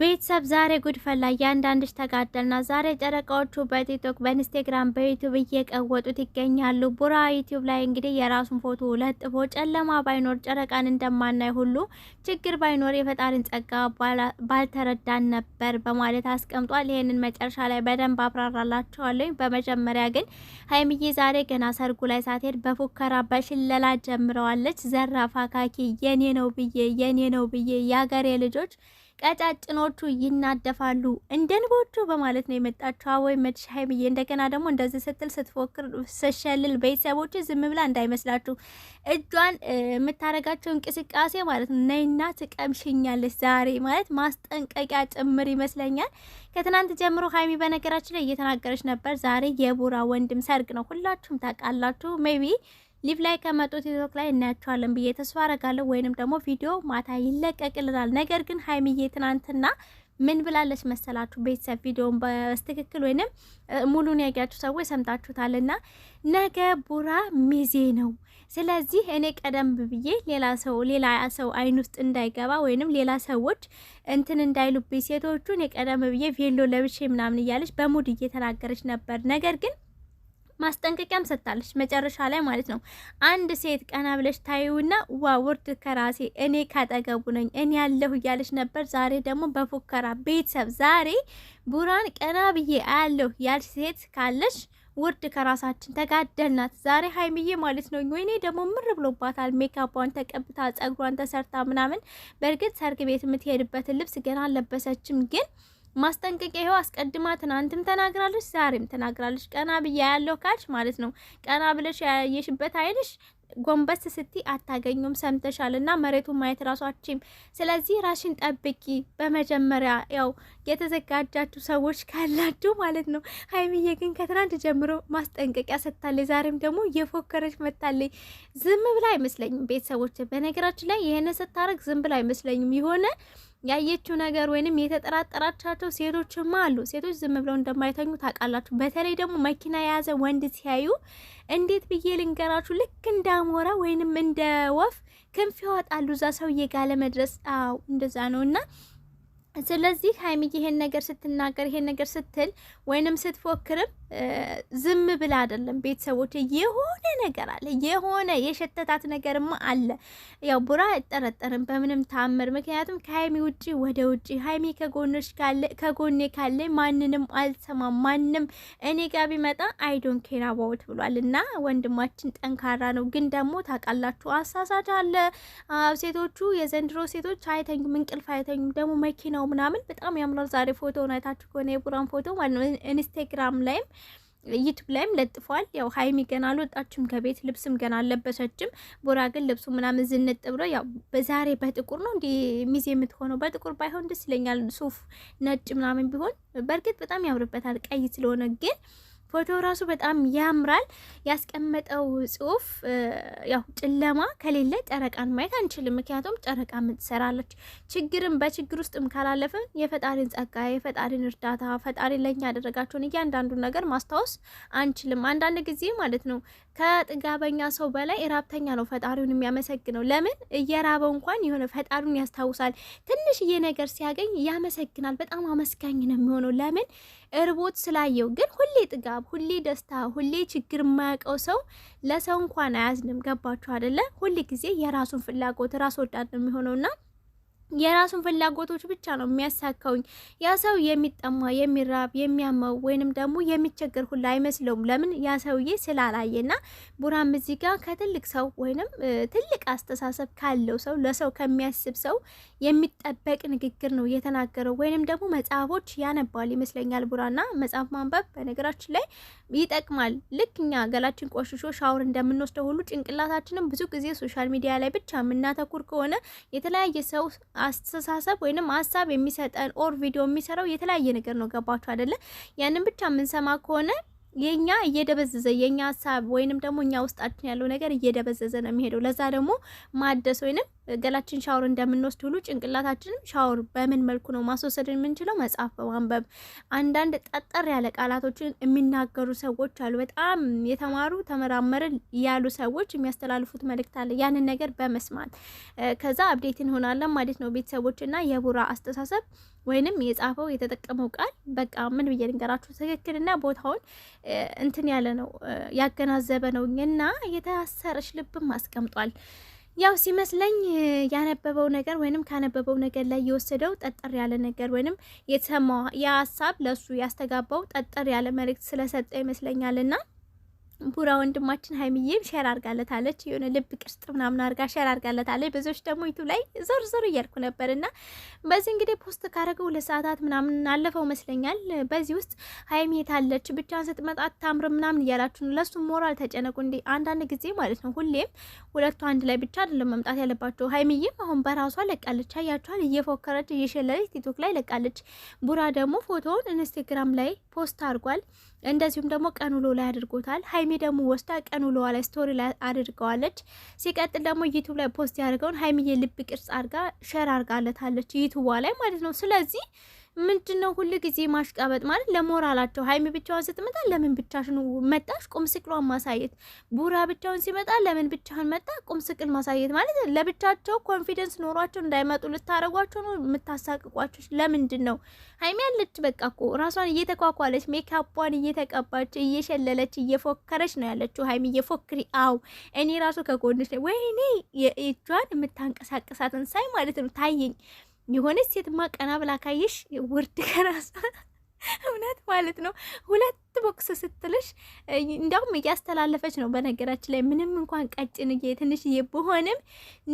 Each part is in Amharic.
ቤተሰብ ዛሬ ጉድፈላ እያንዳንድሽ ተጋደልና ዛሬ ጨረቃዎቹ በቲክቶክ በኢንስቴግራም በዩቱብ እየቀወጡት ይገኛሉ። ቡራ ዩቱብ ላይ እንግዲህ የራሱን ፎቶ ለጥፎ ጨለማ ባይኖር ጨረቃን እንደማናይ ሁሉ ችግር ባይኖር የፈጣሪን ጸጋ ባልተረዳን ነበር በማለት አስቀምጧል። ይህንን መጨረሻ ላይ በደንብ አብራራላቸዋለኝ። በመጀመሪያ ግን ሀይምዬ ዛሬ ገና ሰርጉ ላይ ሳትሄድ በፉከራ በሽለላ ጀምረዋለች። ዘራፋ ካኪ የኔ ነው ብዬ የኔ ነው ብዬ የአገሬ ልጆች ቀጫጭኖቹ ይናደፋሉ እንደ ንቦቹ በማለት ነው የመጣችው። አወይ መድሽ ሀይምዬ እንደገና ደግሞ እንደዚህ ስትል ስትፎክር ስሸልል ቤተሰቦች ዝም ብላ እንዳይመስላችሁ እጇን የምታደርጋቸው እንቅስቃሴ ማለት ነው። ነይና ትቀምሽኛለች ዛሬ ማለት ማስጠንቀቂያ ጭምር ይመስለኛል። ከትናንት ጀምሮ ሀይሚ በነገራችን ላይ እየተናገረች ነበር። ዛሬ የቡራ ወንድም ሰርግ ነው፣ ሁላችሁም ታውቃላችሁ ሜቢ ሊቭ ላይ ከመጡ ቲክቶክ ላይ እናያቸዋለን ብዬ ተስፋ አረጋለሁ። ወይንም ደግሞ ቪዲዮ ማታ ይለቀቅልናል። ነገር ግን ሀይሚዬ ትናንትና ምን ብላለች መሰላችሁ? ቤተሰብ ቪዲዮን በስትክክል ወይንም ሙሉን ያያችሁ ሰዎች ና ነገ ቡራ ሚዜ ነው። ስለዚህ እኔ ቀደም ብዬ ሌላ ሰው ሌላ ሰው አይን ውስጥ እንዳይገባ ወይንም ሌላ ሰዎች እንትን እንዳይሉብኝ ሴቶቹ እኔ ቀደም ብዬ ቬሎ ለብሼ ምናምን እያለች በሙድ እየተናገረች ነበር። ነገር ግን ማስጠንቀቂያም ሰጥታለች፣ መጨረሻ ላይ ማለት ነው። አንድ ሴት ቀና ብለሽ ታዩና ዋ ውርድ ከራሴ እኔ ካጠገቡ ነኝ እኔ ያለሁ እያለች ነበር። ዛሬ ደግሞ በፉከራ ቤተሰብ ዛሬ ቡራን ቀና ብዬ አያለሁ ያልሽ ሴት ካለች ውርድ ከራሳችን ተጋደልናት። ዛሬ ሀይሚዬ ማለት ነው ወይኔ ደግሞ ምር ብሎባታል። ሜካቧን ተቀብታ ጸጉሯን ተሰርታ ምናምን። በእርግጥ ሰርግ ቤት የምትሄድበትን ልብስ ገና አልለበሰችም ግን ማስጠንቀቂያ አስቀድማ ትናንትም ተናግራለች፣ ዛሬም ተናግራለች። ቀና ብያ ያለው ካልሽ ማለት ነው ቀና ብለሽ ያየሽበት አይንሽ ጎንበስ ስቲ አታገኙም። ሰምተሻል እና መሬቱን ማየት ራሷችም። ስለዚህ ራሽን ጠብቂ። በመጀመሪያ ያው የተዘጋጃችሁ ሰዎች ካላችሁ ማለት ነው። ሀይሚዬ ግን ከትናንት ጀምሮ ማስጠንቀቂያ ሰጥታለች። ዛሬም ደግሞ የፎከረች መታለች። ዝም ብላ አይመስለኝም። ቤተሰቦች በነገራችን ላይ ይህን ስታረግ ዝም ብላ አይመስለኝም የሆነ ያየችው ነገር ወይንም የተጠራጠራቻቸው ሴቶችም አሉ። ሴቶች ዝም ብለው እንደማይተኙ ታውቃላችሁ። በተለይ ደግሞ መኪና የያዘ ወንድ ሲያዩ እንዴት ብዬ ልንገራችሁ? ልክ እንደ አሞራ ወይንም እንደ ወፍ ክንፍ ያወጣሉ እዛ ሰውዬ ጋ ለመድረስ። አዎ እንደዛ ነው እና ስለዚህ ሀይሚ ይሄን ነገር ስትናገር ይሄን ነገር ስትል ወይንም ስትፎክርም ዝም ብላ አይደለም ቤተሰቦች፣ የሆነ ነገር አለ፣ የሆነ የሸተታት ነገርማ አለ። ያው ቡራ አይጠረጠርም በምንም ታምር። ምክንያቱም ከሀይሚ ውጪ ወደ ውጪ ሀይሚ ከጎኖች ካለ ከጎኔ ካለ ማንንም አልሰማም፣ ማንም እኔ ጋር ቢመጣ አይዶን ኬር አባውት ብሏል። እና ወንድማችን ጠንካራ ነው። ግን ደግሞ ታውቃላችሁ አሳሳች አለ። ሴቶቹ የዘንድሮ ሴቶች አይተኙም፣ እንቅልፍ አይተኙም። ደግሞ መኪናው ምናምን በጣም ያምራል። ዛሬ ፎቶ አይታችሁ ከሆነ የቡራን ፎቶ ማለት ነው ኢንስታግራም ላይም ዩቱብ ላይም ለጥፏል። ያው ሀይሚ ገና አልወጣችም ከቤት ልብስም ገና አለበሰችም ቦራ ግን ልብሱ ምናምን ዝንጥ ብሎ ያው በዛሬ በጥቁር ነው እንዲ ሚዜ የምትሆነው። በጥቁር ባይሆን ደስ ይለኛል፣ ሱፍ ነጭ ምናምን ቢሆን በእርግጥ በጣም ያምርበታል ቀይ ስለሆነ ግን ፎቶ ራሱ በጣም ያምራል። ያስቀመጠው ጽሁፍ ያው ጨለማ ከሌለ ጨረቃን ማየት አንችልም። ምክንያቱም ጨረቃ ምን ትሰራለች? ችግርን በችግር ውስጥም ካላለፍን የፈጣሪን ጸጋ፣ የፈጣሪን እርዳታ፣ ፈጣሪ ለኛ ያደረጋቸውን እያንዳንዱ ነገር ማስታወስ አንችልም። አንዳንድ ጊዜ ማለት ነው ከጥጋበኛ ሰው በላይ ራብተኛ ነው ፈጣሪውን የሚያመሰግነው። ለምን እየራበው እንኳን የሆነ ፈጣሪውን ያስታውሳል። ትንሽዬ ነገር ሲያገኝ ያመሰግናል። በጣም አመስጋኝ ነው የሚሆነው። ለምን እርቦት ስላየው። ግን ሁሌ ጥጋብ፣ ሁሌ ደስታ፣ ሁሌ ችግር የማያውቀው ሰው ለሰው እንኳን አያዝንም። ገባችሁ አደለ? ሁል ጊዜ የራሱን ፍላጎት ራስ ወዳድ ነው የሚሆነውና የራሱን ፍላጎቶች ብቻ ነው የሚያሳካውኝ። ያ ሰው የሚጠማ የሚራብ የሚያመው ወይንም ደግሞ የሚቸገር ሁላ አይመስለውም። ለምን ያ ሰውዬ ስላላየና ቡራም እዚህ ጋር ከትልቅ ሰው ወይንም ትልቅ አስተሳሰብ ካለው ሰው ለሰው ከሚያስብ ሰው የሚጠበቅ ንግግር ነው የተናገረው። ወይንም ደግሞ መጽሐፎች ያነባል ይመስለኛል ቡራና መጽሐፍ ማንበብ በነገራችን ላይ ይጠቅማል። ልክ እኛ ገላችን ቆሽሾ ሻወር እንደምንወስደው ሁሉ ጭንቅላታችንም ብዙ ጊዜ ሶሻል ሚዲያ ላይ ብቻ የምናተኩር ከሆነ የተለያየ ሰው አስተሳሰብ ወይንም ሀሳብ የሚሰጠን ኦር ቪዲዮ የሚሰራው የተለያየ ነገር ነው። ገባችሁ አይደለ? ያንን ብቻ የምንሰማ ከሆነ የኛ እየደበዘዘ የኛ ሀሳብ ወይንም ደግሞ እኛ ውስጣችን ያለው ነገር እየደበዘዘ ነው የሚሄደው። ለዛ ደግሞ ማደስ ወይንም ገላችን ሻወር እንደምንወስድ ሁሉ ጭንቅላታችንም ሻወር በምን መልኩ ነው ማስወሰድ የምንችለው? መጽሐፍ በማንበብ አንዳንድ ጠጠር ያለ ቃላቶችን የሚናገሩ ሰዎች አሉ። በጣም የተማሩ ተመራመረ ያሉ ሰዎች የሚያስተላልፉት መልእክት አለ። ያንን ነገር በመስማት ከዛ አብዴት እንሆናለን ማለት ነው ቤተሰቦች እና የቡራ አስተሳሰብ ወይንም የጻፈው የተጠቀመው ቃል በቃ ምን ብዬ ልንገራችሁ፣ ትክክልና ቦታውን እንትን ያለ ነው ያገናዘበ ነው እና የታሰረች ልብም አስቀምጧል። ያው ሲመስለኝ ያነበበው ነገር ወይንም ካነበበው ነገር ላይ የወሰደው ጠጠር ያለ ነገር ወይንም የተሰማው የሀሳብ ለሱ ያስተጋባው ጠጠር ያለ መልእክት ስለሰጠ ይመስለኛልና ቡራ ወንድማችን ሀይሚዬም ሸር አርጋለታለች። የሆነ ልብ ቅርጽ ምናምን አርጋ ሸር አርጋለታለች። ብዙዎች ደግሞ ዩቱብ ላይ ዞር ዞር እያልኩ ነበር እና በዚህ እንግዲህ ፖስት ካደረገው ሁለት ሰዓታት ምናምን አለፈው መስለኛል። በዚህ ውስጥ ሀይሚ የታለች ብቻን ስትመጣ አታምርም ምናምን እያላችሁ ነው። ለሱ ሞራል ተጨነቁ። እንዲ አንዳንድ ጊዜ ማለት ነው ሁሌም ሁለቱ አንድ ላይ ብቻ አይደለም መምጣት ያለባቸው። ሀይሚዬም አሁን በራሷ ለቃለች። አያችኋል፣ እየፎከረች እየሸለለች ቲክቶክ ላይ ለቃለች። ቡራ ደግሞ ፎቶውን ኢንስታግራም ላይ ፖስት አርጓል። እንደዚሁም ደግሞ ቀን ውሎ ላይ አድርጎታል። ሀይሜ ደግሞ ወስዳ ቀን ውሎዋ ላይ ስቶሪ ላይ አድርገዋለች። ሲቀጥል ደግሞ ዩቱብ ላይ ፖስት ያደርገውን ሀይሜ የልብ ቅርጽ አድርጋ ሸር አድርጋለታለች ዩቱቧ ላይ ማለት ነው። ስለዚህ ምንድን ነው ሁሉ ጊዜ ማሽቃበጥ ማለት ለሞራላቸው። ሀይሚ ብቻዋን ስትመጣ ለምን ብቻሽን መጣሽ? ቁም ስቅሏን ማሳየት። ቡራ ብቻውን ሲመጣ ለምን ብቻህን መጣ? ቁም ስቅል ማሳየት ማለት ለብቻቸው ኮንፊደንስ ኖሯቸው እንዳይመጡ ልታደረጓቸው ነው የምታሳቅቋቸው። ለምንድን ነው ሀይሚ ያለች በቃ ኮ ራሷን እየተኳኳለች ሜካፑን እየተቀባች እየሸለለች እየፎከረች ነው ያለችው። ሀይሚ እየፎክሪ አው እኔ ራሱ ከጎንሽ ወይኔ የእጇን የምታንቀሳቀሳትን ሳይ ማለት ነው ታየኝ። የሆነች ሴትማ ቀና ብላ ካየሽ ውርድ ከራሷ እውነት ማለት ነው። ሁለት ቦክስ ስትልሽ እንዲያውም እያስተላለፈች ነው። በነገራችን ላይ ምንም እንኳን ቀጭን ትንሽዬ ብሆንም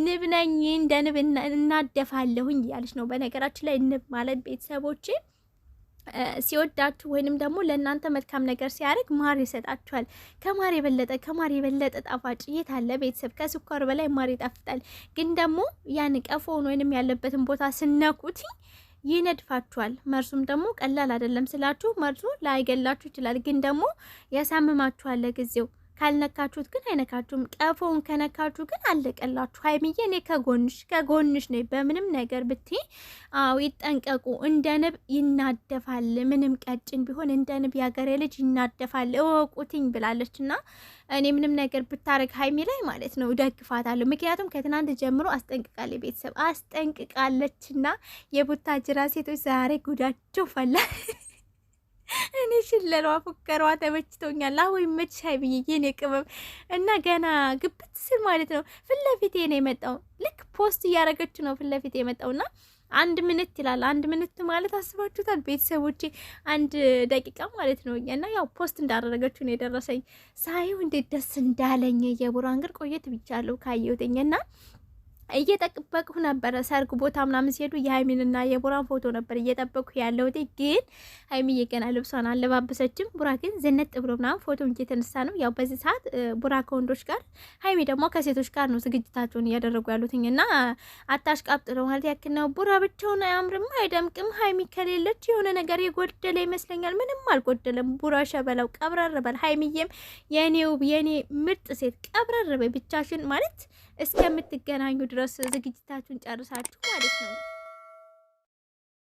ንብ ነኝ፣ እንደ ንብ እናደፋለሁኝ እያለች ነው። በነገራችን ላይ ንብ ማለት ቤተሰቦቼ ሲወዳችሁ ወይንም ደግሞ ለእናንተ መልካም ነገር ሲያደርግ ማር ይሰጣችኋል። ከማር የበለጠ ከማር የበለጠ ጣፋጭ የት አለ? ቤተሰብ ከስኳር በላይ ማር ይጣፍጣል። ግን ደግሞ ያን ቀፎውን ወይንም ያለበትን ቦታ ስነኩት ይነድፋችኋል። መርሱም ደግሞ ቀላል አይደለም ስላችሁ መርሱ ላይገላችሁ ይችላል፣ ግን ደግሞ ያሳምማችኋል ለጊዜው ካልነካችሁት ግን አይነካችሁም። ቀፎውን ከነካችሁ ግን አለቀላችሁ። ሀይሚዬ እኔ ከጎንሽ ከጎንሽ ነኝ። በምንም ነገር ብትይ፣ አዎ ይጠንቀቁ። እንደ ንብ ይናደፋል። ምንም ቀጭን ቢሆን እንደ ንብ ያገሬ ልጅ ይናደፋል እወቁትኝ ብላለች እና እኔ ምንም ነገር ብታረግ ሀይሚ ላይ ማለት ነው እደግፋታለሁ። ምክንያቱም ከትናንት ጀምሮ አስጠንቅቃለች፣ ቤተሰብ አስጠንቅቃለች። እና የቡታጅራ ሴቶች ዛሬ ጉዳቸው ፈላ። እኔ ሽለሏ ፉከሯ ተመችቶኛል። አሁ ይመችሽ ሀይሚዬ የኔ ቅመም እና ገና ግብት ስል ማለት ነው ፊት ለፊቴ ነው የመጣው። ልክ ፖስት እያደረገች ነው ፊት ለፊቴ የመጣው እና አንድ ምንት ይላል። አንድ ምንት ማለት አስባችሁታል ቤተሰቦቼ? አንድ ደቂቃ ማለት ነው። እና ያው ፖስት እንዳደረገችው ነው የደረሰኝ። ሳይው እንዴት ደስ እንዳለኝ የቡራን ግር ቆየት ብቻለሁ ካየሁትኝ እና እየጠበቅሁ ነበረ። ሰርግ ቦታ ምናምን ሲሄዱ የሀይሚንና የቡራን ፎቶ ነበር እየጠበቅሁ ያለሁት። ግን ሀይሚ ገና ልብሷን አለባበሰችም። ቡራ ግን ዝንጥ ብሎ ምናምን ፎቶ እየተነሳ ነው። ያው በዚህ ሰዓት ቡራ ከወንዶች ጋር፣ ሀይሚ ደግሞ ከሴቶች ጋር ነው ዝግጅታቸውን እያደረጉ ያሉትኝ እና አታሽቃብጥ ነው ማለት ያክል ነው። ቡራ ብቻውን አያምርም፣ አይደምቅም። ሀይሚ ከሌለች የሆነ ነገር የጎደለ ይመስለኛል። ምንም አልጎደለም። ቡራ ሸበላው ቀብረር በል። ሀይሚዬም የኔ ውብ የኔ ምርጥ ሴት ቀብረር በይ ብቻሽን ማለት እስከምትገናኙ ድረስ ዝግጅታችሁን ጨርሳችሁ ማለት ነው።